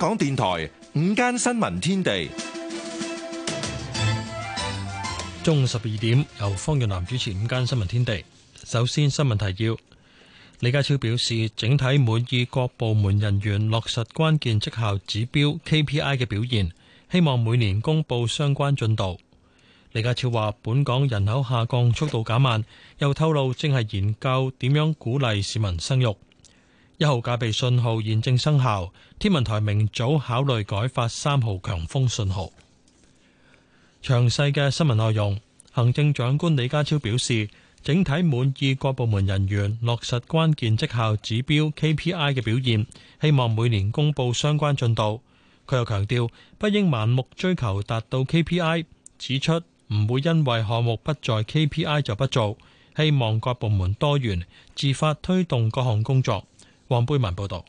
香港電台午間新聞天地，中午十二點，由方潤南主持午間新聞天地。首先新聞提要，李家超表示整體滿意各部門人員落實關鍵績效指標 KPI 嘅表現，希望每年公布相關進度。李家超話本港人口下降速度減慢，又透露正係研究點樣鼓勵市民生育。一號戒備信號現正生效，天文台明早考慮改發三號強風信號。詳細嘅新聞內容，行政長官李家超表示，整體滿意各部門人員落實關鍵績效指標 KPI 嘅表現，希望每年公布相關進度。佢又強調，不應盲目追求達到 KPI，指出唔會因為項目不在 KPI 就不做，希望各部門多元自發推動各項工作。黃貝文報道，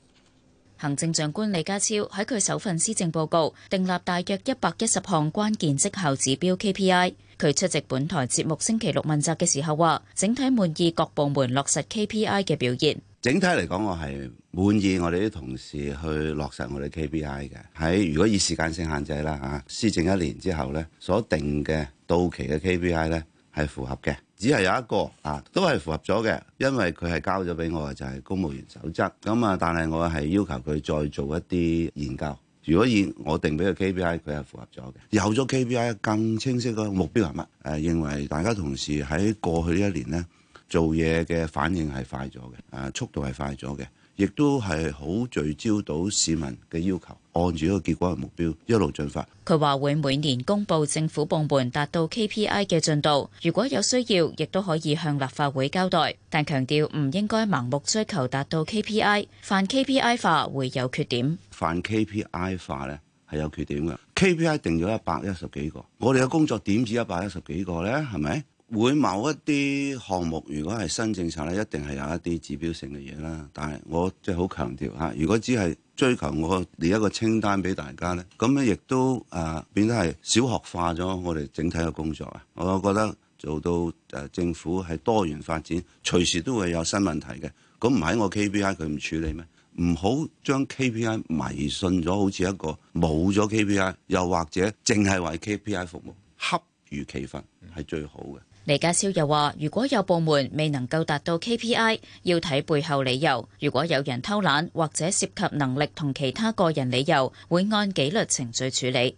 行政長官李家超喺佢首份施政報告訂立大約一百一十項關鍵績效指標 KPI。佢出席本台節目星期六問責嘅時候話，整體滿意各部門落實 KPI 嘅表現。整體嚟講，我係滿意我哋啲同事去落實我哋 KPI 嘅。喺如果以時間性限制啦吓、啊，施政一年之後呢，所定嘅到期嘅 KPI 呢。係符合嘅，只係有一個啊，都係符合咗嘅，因為佢係交咗俾我就係、是、公務員守則咁啊，但係我係要求佢再做一啲研究。如果以我定俾個 KPI，佢係符合咗嘅。有咗 KPI 更清晰嘅目標係乜？誒、啊、認為大家同事喺過去呢一年呢，做嘢嘅反應係快咗嘅，啊速度係快咗嘅。亦都係好聚焦到市民嘅要求，按住個結果嘅目標一路進發。佢話會每年公布政府部門達到 KPI 嘅進度，如果有需要，亦都可以向立法會交代。但強調唔應該盲目追求達到 KPI，泛 KPI 化會有缺點。泛 KPI 化咧係有缺點嘅，KPI 定咗一百一十幾個，我哋嘅工作點止一百一十幾個咧，係咪？會某一啲項目，如果係新政策咧，一定係有一啲指標性嘅嘢啦。但係我即係好強調吓，如果只係追求我列一個清單俾大家咧，咁咧亦都啊變得係小學化咗我哋整體嘅工作啊！我覺得做到政府係多元發展，隨時都會有新問題嘅。咁唔係我 KPI 佢唔處理咩？唔好將 KPI 迷信咗，好似一個冇咗 KPI，又或者淨係為 KPI 服務，恰如其分係最好嘅。李家超又話：如果有部門未能夠達到 KPI，要睇背後理由。如果有人偷懶或者涉及能力同其他個人理由，會按紀律程序處理。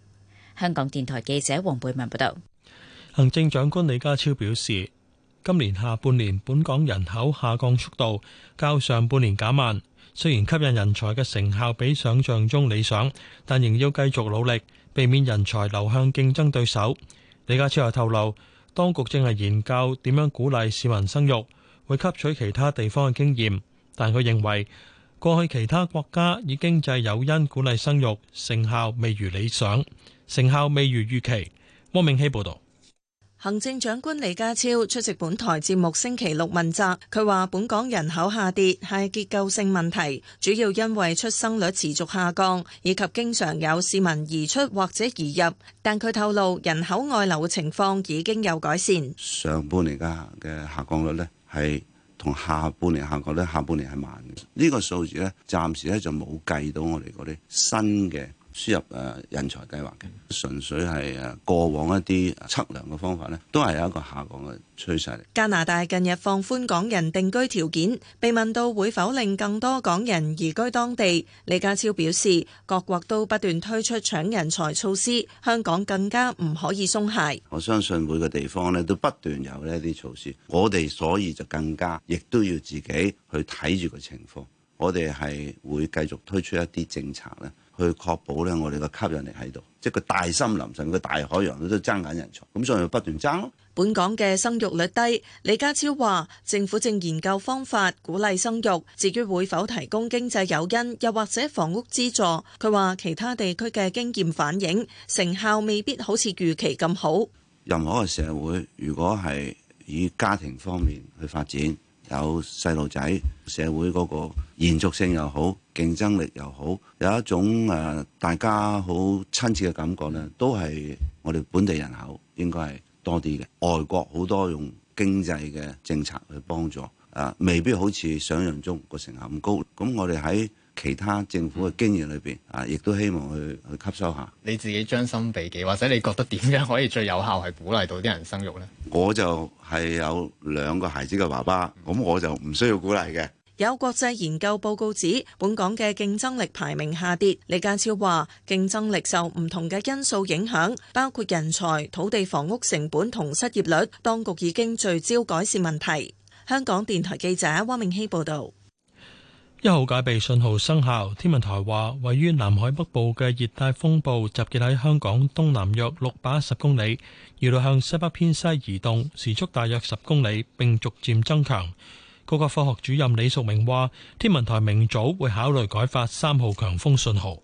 香港電台記者黃貝文報道。行政長官李家超表示，今年下半年本港人口下降速度較上半年減慢。雖然吸引人才嘅成效比想像中理想，但仍要繼續努力，避免人才流向競爭對手。李家超又透露，當局正係研究點樣鼓勵市民生育，會吸取其他地方嘅經驗。但佢認為，過去其他國家以經濟誘因鼓勵生育，成效未如理想，成效未如預期。汪明希報道。行政長官李家超出席本台節目星期六問責，佢話本港人口下跌係結構性問題，主要因為出生率持續下降，以及經常有市民移出或者移入。但佢透露人口外流嘅情況已經有改善。上半年嘅嘅下降率呢，係同下半年下降率。下半年係慢嘅。呢個數字呢，暫時咧就冇計到我哋嗰啲新嘅。輸入誒人才計劃嘅，純粹係誒過往一啲測量嘅方法咧，都係有一個下降嘅趨勢。加拿大近日放寬港人定居條件，被問到會否令更多港人移居當地，李家超表示：各國都不斷推出搶人才措施，香港更加唔可以鬆懈。我相信每個地方呢都不斷有呢啲措施，我哋所以就更加亦都要自己去睇住個情況，我哋係會繼續推出一啲政策咧。去確保咧，我哋嘅吸引力喺度，即係個大森林、上個大、大海洋都爭緊人才，咁所以就不斷爭咯。本港嘅生育率低，李家超話政府正研究方法鼓勵生育，至於會否提供經濟誘因，又或者房屋資助，佢話其他地區嘅經驗反映成效未必好似預期咁好。任何嘅社會，如果係以家庭方面去發展。有細路仔，社會嗰個延續性又好，競爭力又好，有一種、呃、大家好親切嘅感覺咧，都係我哋本地人口應該係多啲嘅。外國好多用經濟嘅政策去幫助，啊、呃，未必好似想象中個成效咁高。咁我哋喺其他政府嘅經驗裏邊啊，亦都希望去去吸收下。你自己將心比己，或者你覺得點樣可以最有效係鼓勵到啲人生育咧？我就係有兩個孩子嘅爸爸，咁我就唔需要鼓勵嘅。有國際研究報告指，本港嘅競爭力排名下跌。李家超話，競爭力受唔同嘅因素影響，包括人才、土地、房屋成本同失業率。當局已經聚焦改善問題。香港電台記者汪明希報道。一號戒備信號生效，天文台話位於南海北部嘅熱帶風暴集結喺香港東南約六百一十公里，預料向西北偏西移動，時速大約十公里，並逐漸增強。高級科學主任李淑明話，天文台明早會考慮改發三號強風信號。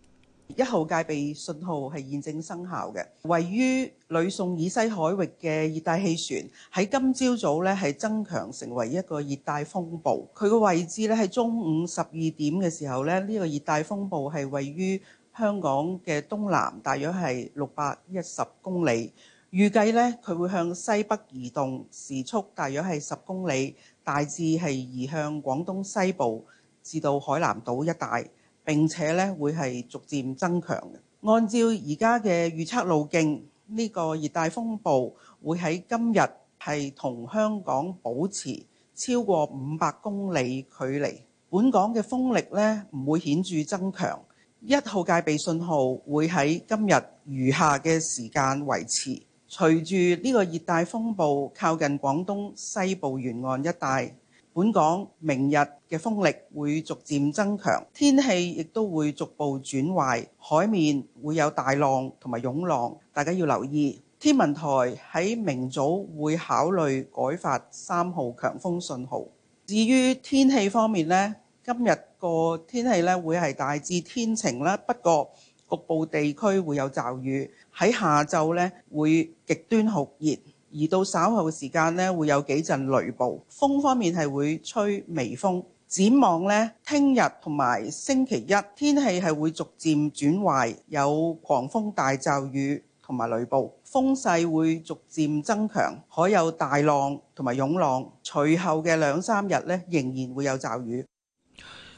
一號戒備信號係現正生效嘅，位於呂宋以西海域嘅熱帶氣旋喺今朝早咧係增強成為一個熱帶風暴，佢個位置咧喺中午十二點嘅時候咧，呢、這個熱帶風暴係位於香港嘅東南，大約係六百一十公里。預計呢，佢會向西北移動，時速大約係十公里，大致係移向廣東西部至到海南島一帶。並且咧會係逐漸增強嘅。按照而家嘅預測路徑，呢個熱帶風暴會喺今日係同香港保持超過五百公里距離。本港嘅風力咧唔會顯著增強。一號戒備信號會喺今日餘下嘅時間維持。隨住呢個熱帶風暴靠近廣東西部沿岸一帶。本港明日嘅風力會逐漸增強，天氣亦都會逐步轉壞，海面會有大浪同埋湧浪，大家要留意。天文台喺明早會考慮改發三號強風信號。至於天氣方面呢，今日個天氣呢會係大致天晴啦，不過局部地區會有驟雨，喺下晝呢會極端酷熱。而到稍後的時間呢，會有幾陣雷暴。風方面係會吹微風。展望呢，聽日同埋星期一天氣係會逐漸轉壞，有狂風大驟雨同埋雷暴，風勢會逐漸增強，海有大浪同埋湧浪。隨後嘅兩三日呢，仍然會有驟雨。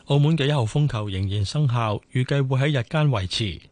澳門嘅一號風球仍然生效，預計會喺日間維持。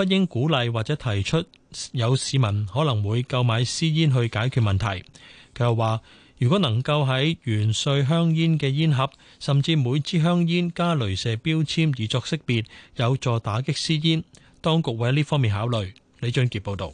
不應鼓勵或者提出有市民可能會購買私煙去解決問題。佢又話，如果能夠喺完稅香煙嘅煙盒甚至每支香煙加鐳射標籤以作識別，有助打擊私煙，當局會喺呢方面考慮。李俊杰報道。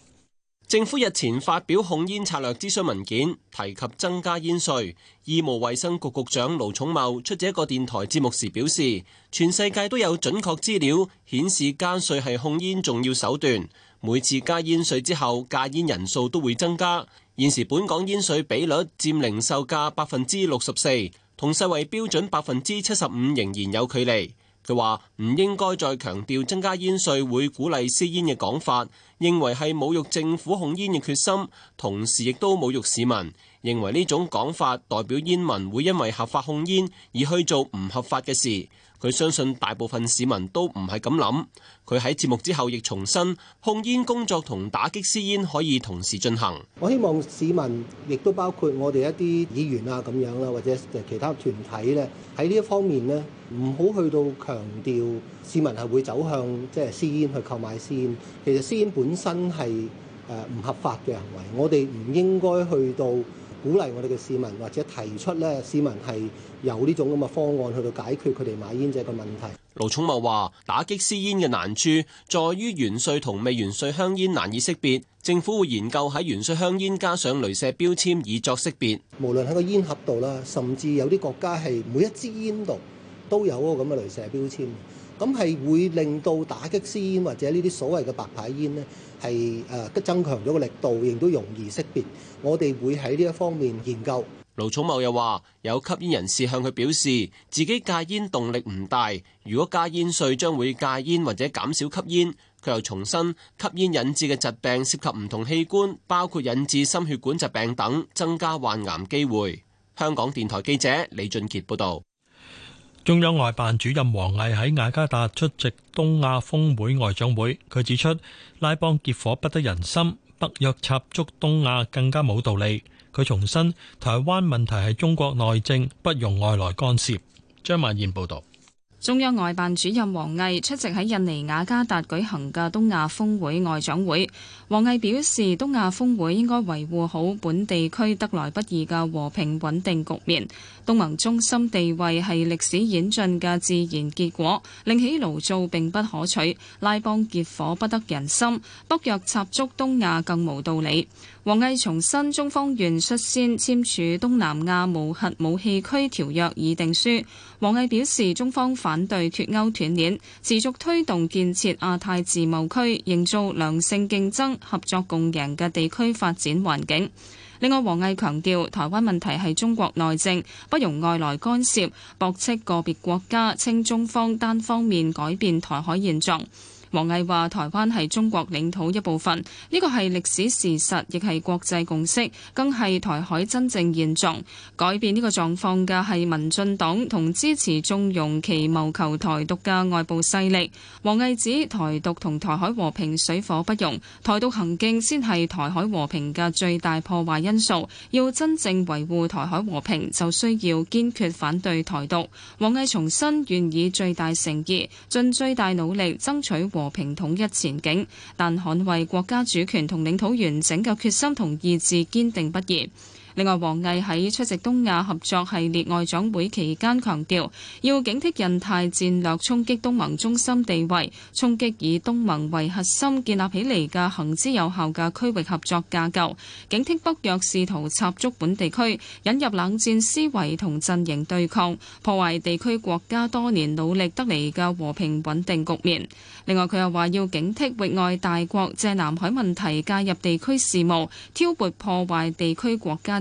政府日前發表控煙策略諮詢文件，提及增加煙稅。醫務衛生局局長盧寵茂出席一個電台節目時表示，全世界都有準確資料顯示加稅係控煙重要手段。每次加煙稅之後，戒煙人數都會增加。現時本港煙稅比率佔零售價百分之六十四，同世衞標準百分之七十五仍然有距離。佢話：唔應該再強調增加煙稅會鼓勵私煙嘅講法，認為係侮辱政府控煙嘅決心，同時亦都侮辱市民。認為呢種講法代表煙民會因為合法控煙而去做唔合法嘅事。佢相信大部分市民都唔係咁諗，佢喺節目之後亦重申控煙工作同打擊私煙可以同時進行。我希望市民亦都包括我哋一啲議員啊咁樣啦，或者其他團體咧，喺呢一方面咧，唔好去到強調市民係會走向即係私煙去購買私煙，其實私煙本身係誒唔合法嘅行為，我哋唔應該去到。鼓勵我哋嘅市民或者提出咧，市民係有呢種咁嘅方案去到解決佢哋買煙者嘅問題。盧寵茂話：打擊私煙嘅難處在於完稅同未完稅香煙難以識別，政府會研究喺完稅香煙加上鐳射標籤以作識別。無論喺個煙盒度啦，甚至有啲國家係每一支煙度都有嗰個咁嘅鐳射標籤，咁係會令到打擊私煙或者呢啲所謂嘅白牌煙咧。係誒增強咗個力度，亦都容易識別。我哋會喺呢一方面研究。盧寵茂又話：有吸煙人士向佢表示，自己戒煙動力唔大，如果加煙稅將會戒煙或者減少吸煙。佢又重申，吸煙引致嘅疾病涉及唔同器官，包括引致心血管疾病等，增加患癌機會。香港電台記者李俊傑報導。中央外辦主任王毅喺雅加達出席東亞峰會外長會，佢指出拉幫結夥不得人心，北約插足東亞更加冇道理。佢重申台灣問題係中國內政，不容外來干涉。張曼燕報道。中央外辦主任王毅出席喺印尼雅加達舉行嘅東亞峰會外長會，王毅表示東亞峰會應該維護好本地區得來不易嘅和平穩定局面。東盟中心地位係歷史演進嘅自然結果，另起爐灶並不可取，拉幫結夥不得人心，北約插足東亞更無道理。王毅重申，中方願率先簽署東南亞無核武器區條約議定書。王毅表示，中方反對脫歐斷鏈，持續推動建設亞太自貿區，營造良性競爭、合作共贏嘅地區發展環境。另外，王毅強調，台灣問題係中國內政，不容外來干涉，駁斥個別國家，稱中方單方面改變台海現狀。王毅話：台灣係中國領土一部分，呢個係歷史事實，亦係國際共識，更係台海真正現狀。改變呢個狀況嘅係民進黨同支持縱容其謀求台獨嘅外部勢力。王毅指台獨同台海和平水火不容，台獨行徑先係台海和平嘅最大破壞因素。要真正維護台海和平，就需要堅決反對台獨。王毅重申願以最大誠意，盡最大努力爭取和和平統一前景，但捍衛國家主權同領土完整嘅決心同意志堅定不移。另外，王毅喺出席東亞合作系列外長會期間強調要警惕印太戰略衝擊東盟中心地位，衝擊以東盟為核心建立起嚟嘅行之有效嘅區域合作架構，警惕北約試圖插足本地區引入冷戰思維同陣營對抗，破壞地區國家多年努力得嚟嘅和平穩定局面。另外，佢又話要警惕域外大國借南海問題介入地區事務挑撥破壞地區國家。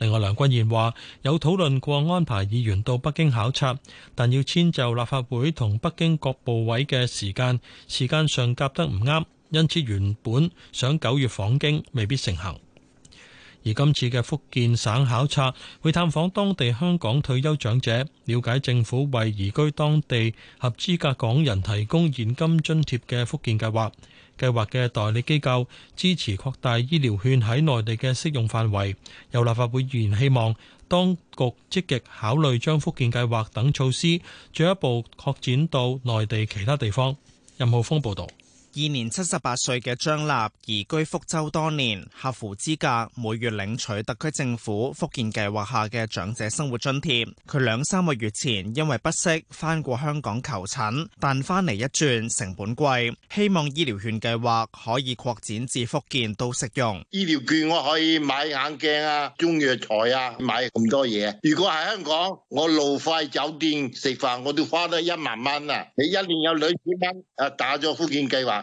另外，梁君彥話有討論過安排議員到北京考察，但要遷就立法會同北京各部委嘅時間，時間上夾得唔啱，因此原本想九月訪京未必成行。而今次嘅福建省考察，會探訪當地香港退休長者，了解政府為移居當地合資格港人提供現金津貼嘅福建計劃。計劃嘅代理機構支持擴大醫療券喺內地嘅適用範圍。有立法會議員希望當局積極考慮將福建計劃等措施進一步擴展到內地其他地方。任浩峰報導。二年七十八歲嘅張立移居福州多年，合符資格，每月領取特區政府福建計劃下嘅長者生活津貼。佢兩三個月前因為不適翻過香港求診，但翻嚟一轉成本貴，希望醫療券計劃可以擴展至福建都適用。醫療券我可以買眼鏡啊、中藥材啊，買咁多嘢。如果喺香港，我路費、酒店、食飯，我都花得一萬蚊啦。你一年有兩千蚊，打咗福建計劃。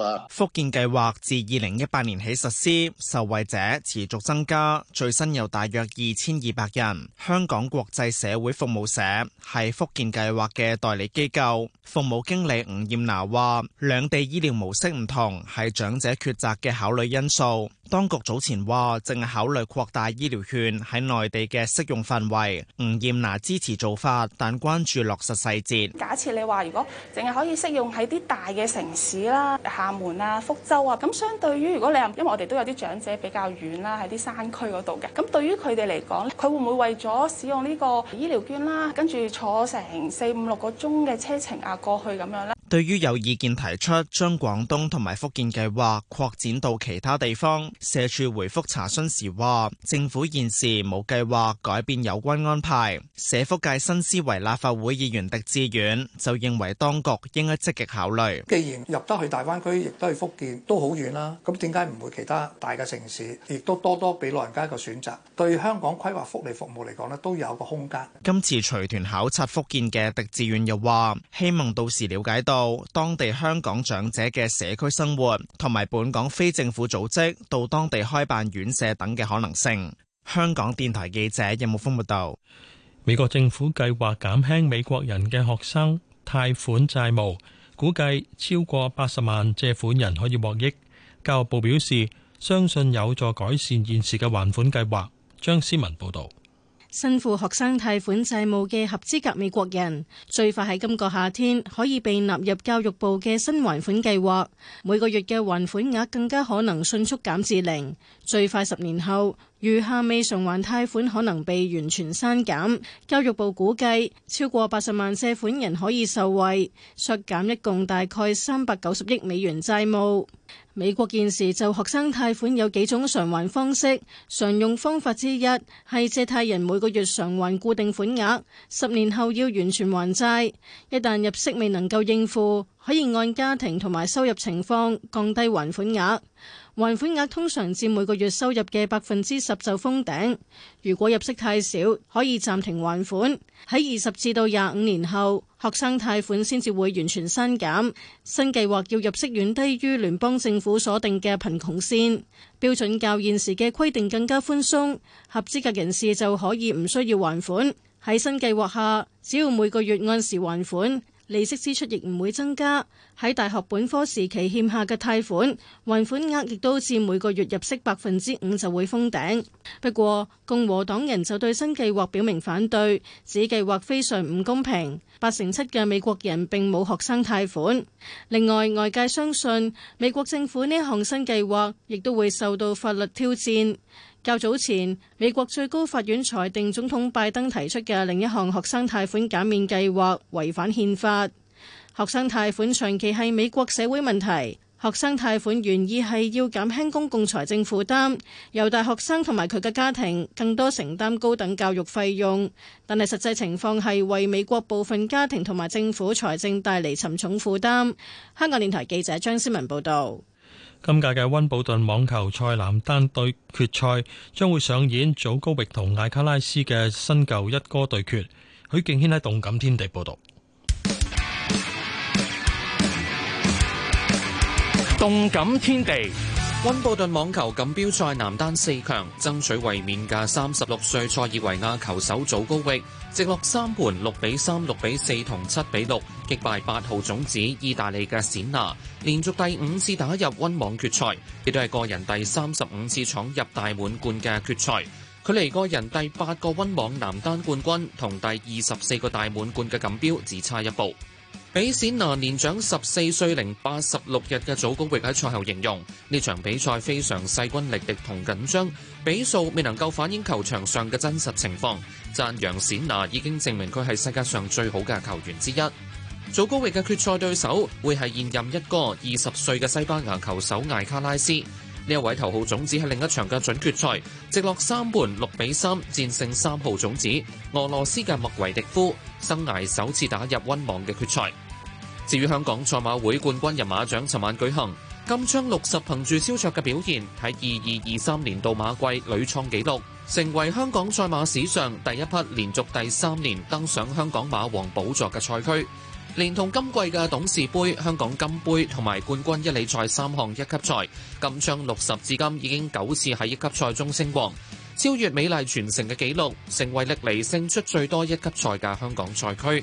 啊、福建計劃自二零一八年起實施，受惠者持續增加，最新有大約二千二百人。香港國際社會服務社係福建計劃嘅代理機構，服務經理吳艷娜話，兩地醫療模式唔同係長者抉擇嘅考慮因素。當局早前話正考慮擴大醫療券喺內地嘅適用範圍，吳艷娜支持做法，但關注落實細節。假設你話，如果淨係可以適用喺啲大嘅城市，啦、廈門啊，福州啊，咁相對於如果你因為我哋都有啲長者比較遠啦，喺啲山區嗰度嘅，咁對於佢哋嚟講咧，佢會唔會為咗使用呢個醫療券啦，跟住坐成四五六個鐘嘅車程啊過去咁樣咧？對於有意見提出將廣東同埋福建計劃擴展到其他地方，社署回覆查詢時話，政府現時冇計劃改變有關安排。社福界新思維立法會議員狄志遠就認為，當局應該積極考慮。既然入得去大灣區，亦都係福建，都好遠啦。咁點解唔會其他大嘅城市，亦都多多俾老人家一個選擇？對香港規劃福利服務嚟講呢，都有一個空間。今次隨團考察福建嘅狄志遠又話，希望到時了解到，到當地香港長者嘅社區生活，同埋本港非政府組織到當地開辦院舍等嘅可能性。香港電台記者任木峰報道。美國政府計劃減輕美國人嘅學生貸款債務，估計超過八十萬借款人可以獲益。教育部表示，相信有助改善現時嘅還款計劃。張思文報道。身負學生貸款債務嘅合資格美國人，最快喺今個夏天可以被納入教育部嘅新還款計劃，每個月嘅還款額更加可能迅速減至零，最快十年後。餘下未償還貸款可能被完全刪減，教育部估計超過八十萬借款人可以受惠，削減一共大概三百九十億美元債務。美國現時就學生貸款有幾種償還方式，常用方法之一係借貸人每個月償還固定款額，十年後要完全還債，一旦入息未能夠應付，可以按家庭同埋收入情況降低還款額。還款額通常佔每個月收入嘅百分之十就封頂。如果入息太少，可以暫停還款。喺二十至到廿五年後，學生貸款先至會完全刪減。新計劃要入息遠低於聯邦政府所定嘅貧窮線，標準較現時嘅規定更加寬鬆。合資格人士就可以唔需要還款。喺新計劃下，只要每個月按時還款。利息支出亦唔會增加，喺大學本科時期欠下嘅貸款還款額亦都至每個月入息百分之五就會封頂。不過共和黨人就對新計劃表明反對，指計劃非常唔公平。八成七嘅美國人並冇學生貸款。另外，外界相信美國政府呢項新計劃亦都會受到法律挑戰。較早前，美國最高法院裁定總統拜登提出嘅另一項學生貸款減免計劃違反憲法。學生貸款長期係美國社會問題，學生貸款原意係要減輕公共財政負擔，由大學生同埋佢嘅家庭更多承擔高等教育費用，但係實際情況係為美國部分家庭同埋政府財政帶嚟沉重負擔。香港電台記者張思文報道。今屆嘅溫布頓網球賽男單對決賽將會上演祖高域同艾卡拉斯嘅新舊一哥對決。許敬軒喺動感天地報道。動感天地，溫布頓網球錦標賽男單四強爭取衛冕嘅三十六歲塞爾維亞球手祖高域。直落三盤六比三、六比四同七比六擊敗八號種子意大利嘅冼拿，連續第五次打入溫網決賽，亦都係個人第三十五次闖入大滿貫嘅決賽，距離個人第八個溫網男單冠軍同第二十四個大滿貫嘅錦標只差一步。比冼拿年長十四歲零八十六日嘅祖高域喺賽後形容呢場比賽非常勢均力敵同緊張，比數未能夠反映球場上嘅真實情況，讚揚冼拿已經證明佢係世界上最好嘅球員之一。祖高域嘅決賽對手會係現任一哥二十歲嘅西班牙球手艾卡拉斯，呢一位頭號種子喺另一場嘅準決賽直落三盤六比三戰勝三號種子俄羅斯嘅麥維迪夫，生涯首次打入溫網嘅決賽。至於香港賽馬會冠軍人馬獎昨晚舉行，金槍六十憑住超卓嘅表現，喺二二二三年度馬季屢創紀錄，成為香港賽馬史上第一匹連續第三年登上香港馬王寶座嘅賽駒。連同今季嘅董事杯、香港金杯同埋冠軍一哩賽三項一級賽，金槍六十至今已經九次喺一級賽中稱王，超越美麗傳承嘅紀錄，成為歷嚟勝出最多一級賽嘅香港賽駒。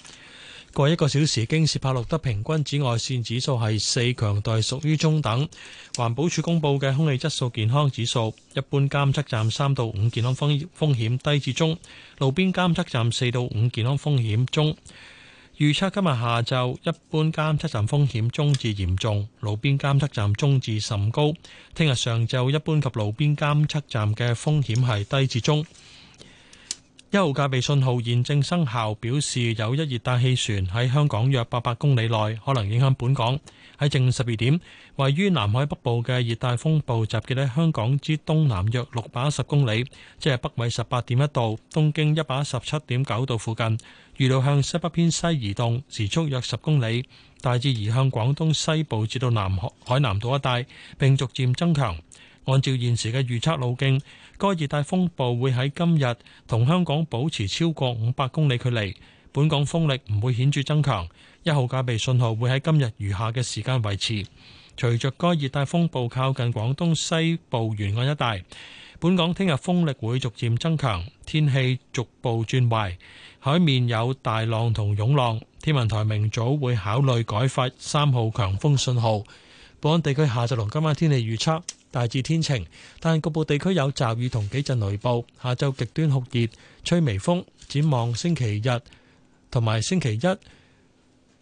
過一個小時，京士柏錄得平均紫外線指數係四，強度屬於中等。環保署公布嘅空氣質素健康指數，一般監測站三到五健康風風險低至中，路邊監測站四到五健康風險中。預測今日下晝一般監測站風險中至嚴重，路邊監測站中至甚高。聽日上晝一般及路邊監測站嘅風險係低至中。一號戒備信號現正生效，表示有一熱帶氣旋喺香港約八百公里內可能影響本港。喺正午十二點，位於南海北部嘅熱帶風暴集結喺香港之東南約六百一十公里，即係北緯十八點一度、東經一百一十七點九度附近，預料向西北偏西移動，時速約十公里，大致移向廣東西部至到南海海南島一帶，並逐漸增強。按照現時嘅預測路徑，該熱帶風暴會喺今日同香港保持超過五百公里距離。本港風力唔會顯著增強，一號戒備信號會喺今日餘下嘅時間維持。隨著該熱帶風暴靠近廣東西部沿岸一帶，本港聽日風力會逐漸增強，天氣逐步轉壞，海面有大浪同湧浪。天文台明早會考慮改發三號強風信號。本港地區下晝同今晚天，天氣預測。大致天晴，但局部地區有驟雨同幾陣雷暴。下晝極端酷熱，吹微風。展望星期日同埋星期一，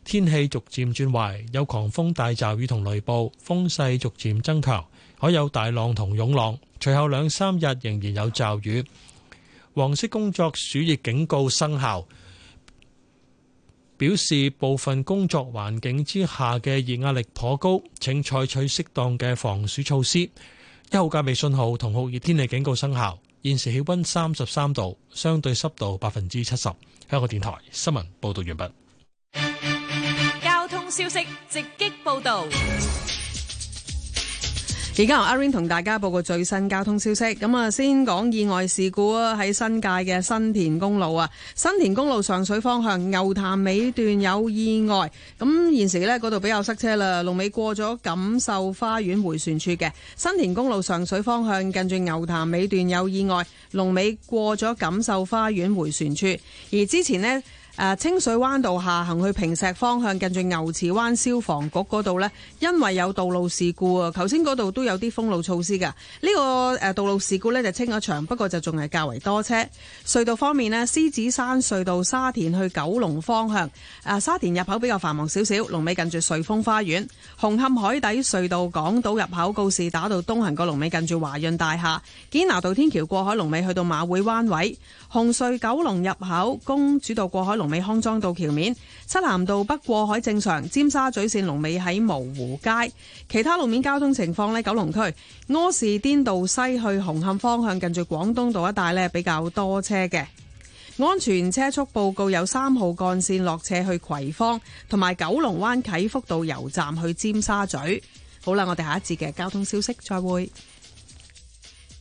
天氣逐漸轉壞，有狂風大驟雨同雷暴，風勢逐漸增強，可有大浪同湧浪。隨後兩三日仍然有驟雨，黃色工作暑熱警告生效。表示部分工作環境之下嘅熱壓力頗高，請採取適當嘅防暑措施。一號戒備信號同酷熱天氣警告生效。現時氣温三十三度，相對濕度百分之七十。香港電台新聞報道完畢。交通消息直擊報道。而家由阿 Ring 同大家報告最新交通消息。咁啊，先講意外事故啊，喺新界嘅新田公路啊，新田公路上水方向牛潭尾段有意外。咁現時呢，嗰度比較塞車啦，龍尾過咗錦繡花園迴旋處嘅新田公路上水方向近住牛潭尾段有意外，龍尾過咗錦繡花園迴旋處。而之前呢。啊、清水灣道下行去坪石方向，近住牛池灣消防局嗰度呢，因為有道路事故啊，頭先嗰度都有啲封路措施㗎。呢、呢個道路事故呢，就清咗場，不過就仲係較為多車。隧道方面呢，獅子山隧道沙田去九龍方向，啊、沙田入口比較繁忙少少，龍尾近住瑞峰花園。紅磡海底隧道港島入口告士打道東行個龍尾近住華潤大廈。堅拿道天橋過海龍尾去到馬會灣位。紅隧九龍入口公主道過海龍尾康莊道橋面、漆咸道北過海正常，尖沙咀線龍尾喺蕪湖街。其他路面交通情況呢？九龍區柯士甸道西去紅磡方向，近住廣東道一帶呢，比較多車嘅。安全車速報告有三號幹線落斜去葵芳，同埋九龍灣啟福道油站去尖沙咀。好啦，我哋下一節嘅交通消息，再會。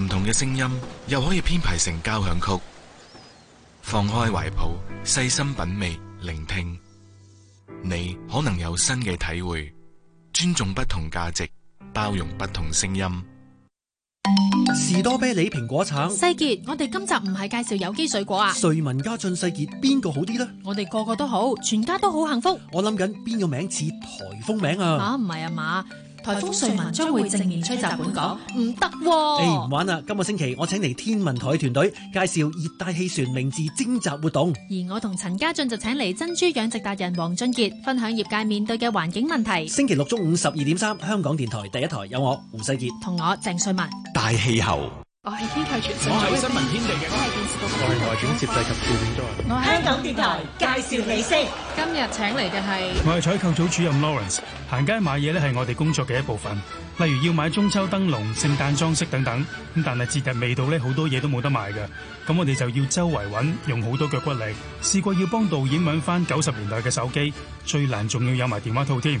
唔同嘅聲音又可以編排成交響曲，放開懷抱，細心品味，聆聽，你可能有新嘅體會。尊重不同價值，包容不同聲音。士多啤梨蘋果橙，世傑，我哋今集唔係介紹有機水果啊？瑞文家俊世傑，邊個好啲呢？我哋個個都好，全家都好幸福。我諗緊邊個名似台風名啊？吓、啊，唔係啊嘛。颱風瑞文將會正面吹襲本港，唔得喎！你唔玩啦！今個星期我請嚟天文台團隊介紹熱帶氣旋名字徵集活動，而我同陳家俊就請嚟珍珠養殖達人黃俊傑分享業界面對嘅環境問題。星期六中午十二點三，香港電台第一台有我胡世杰同我鄭瑞文，大氣候。我係天台全新，我係新聞天地嘅，我係電視廣播嘅，我係台總攝製及副總監，我係香港電台介紹你先。今日請嚟嘅係我係採購組主任 Lawrence。行街買嘢咧係我哋工作嘅一部分，例如要買中秋燈籠、聖誕裝飾等等。咁但係節日未到咧，好多嘢都冇得賣㗎。咁我哋就要周圍揾，用好多腳骨力。試過要幫導演揾翻九十年代嘅手機，最難仲要有埋電話套添。